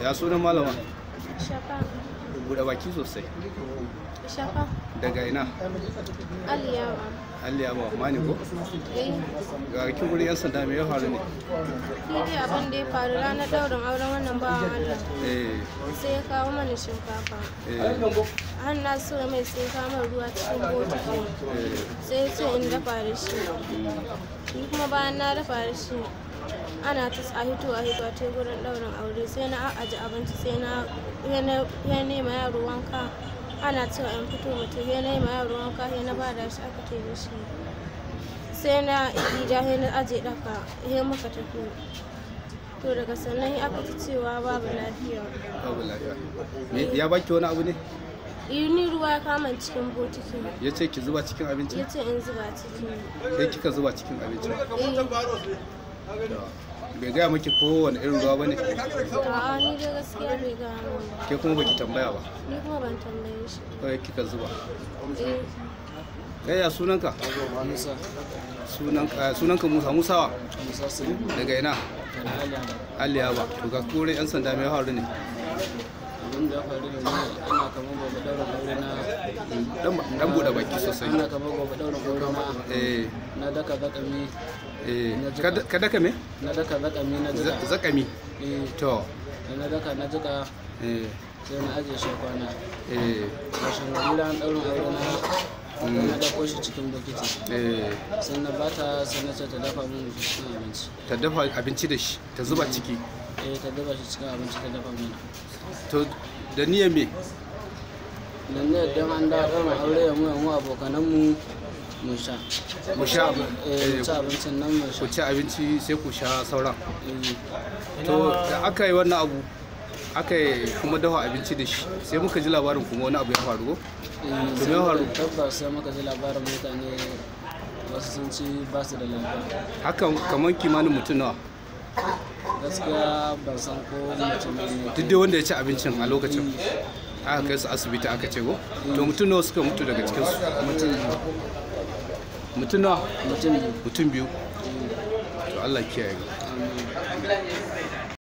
ya sunan malama shafa buɗe baki sosai shafa daga ina aliyawa aliyawa mani ko eh. ga kin gurin yan sanda me ya faru ne shi dai abin da ya faru ranar daurin auren wannan ba Allah eh. sai ya kawo mana shinkafa eh. har na so mai sai ya kawo ruwa cikin bota sai ya ce in dafa da shi kuma bayan na dafa da shi ana ta a hitowa a ta gurin ɗaurin aure sai na aji abinci sai na ya nema yaro wanka ana cewa in fito mutum ya nema yaro wanka ya na bada shi aka ce shi sai na gida ya na aje daka ya maka tafi to daga sannan aka fi cewa babu lafiya ya baki wani abu ne eh, ni ruwa ya kama cikin botiki ya ce ki zuba cikin abinci ya ce in zuba cikin sai kika zuba cikin bai gaya miki kowane irin ruwa ba ne? ni da gaskiya bai ga Ke kuma baki tambaya ba? Ni kuma ban tambaye shi. Kawai kika zuba? Eh. ya sunan ka Musa. sunan ka eh, sunan ka Musa Musa wa Musa Sani. Daga ina? Aliya Aliyaba. Aliyaba. To ga kore yan sanda mai haru ne? Abin da ya faru ne ana kamar ba dan bude baki sosai ana gaba gobe daura goroma eh na daka zakami eh ka daka me na daka zakami na jika zakami eh to na daka na jika eh sai na aje shi kwana eh kashin gari an daurin aure na mm. na dako shi cikin bokiti eh sai na bata sai na ce ta dafa min abinci ta dafa abinci da shi ta zuba ciki eh ta dafa shi cikin abinci ta dafa min to da niyyar me da ne da an da ɗaura aure mu mu abokanan mu mu sha mu sha eh, eh, abincin nan mu sha ku ci abinci sai ku sha sauran eh. to da aka yi wannan abu aka yi kuma dafa abinci da shi sai muka ji labarin kuma wani abu ya faru to me ya faru tabbas sai muka ji labarin mutane wasu sun ci ba su da lafiya hakan kamar kimanin mutum nawa gaskiya ban san ko mutum ne duk dai wanda ya ci abincin a lokacin aka kai su asibiti aka ce go to mutum nawa suka mutu daga cikin su mutum nawa mutum biyu to Allah kiyaye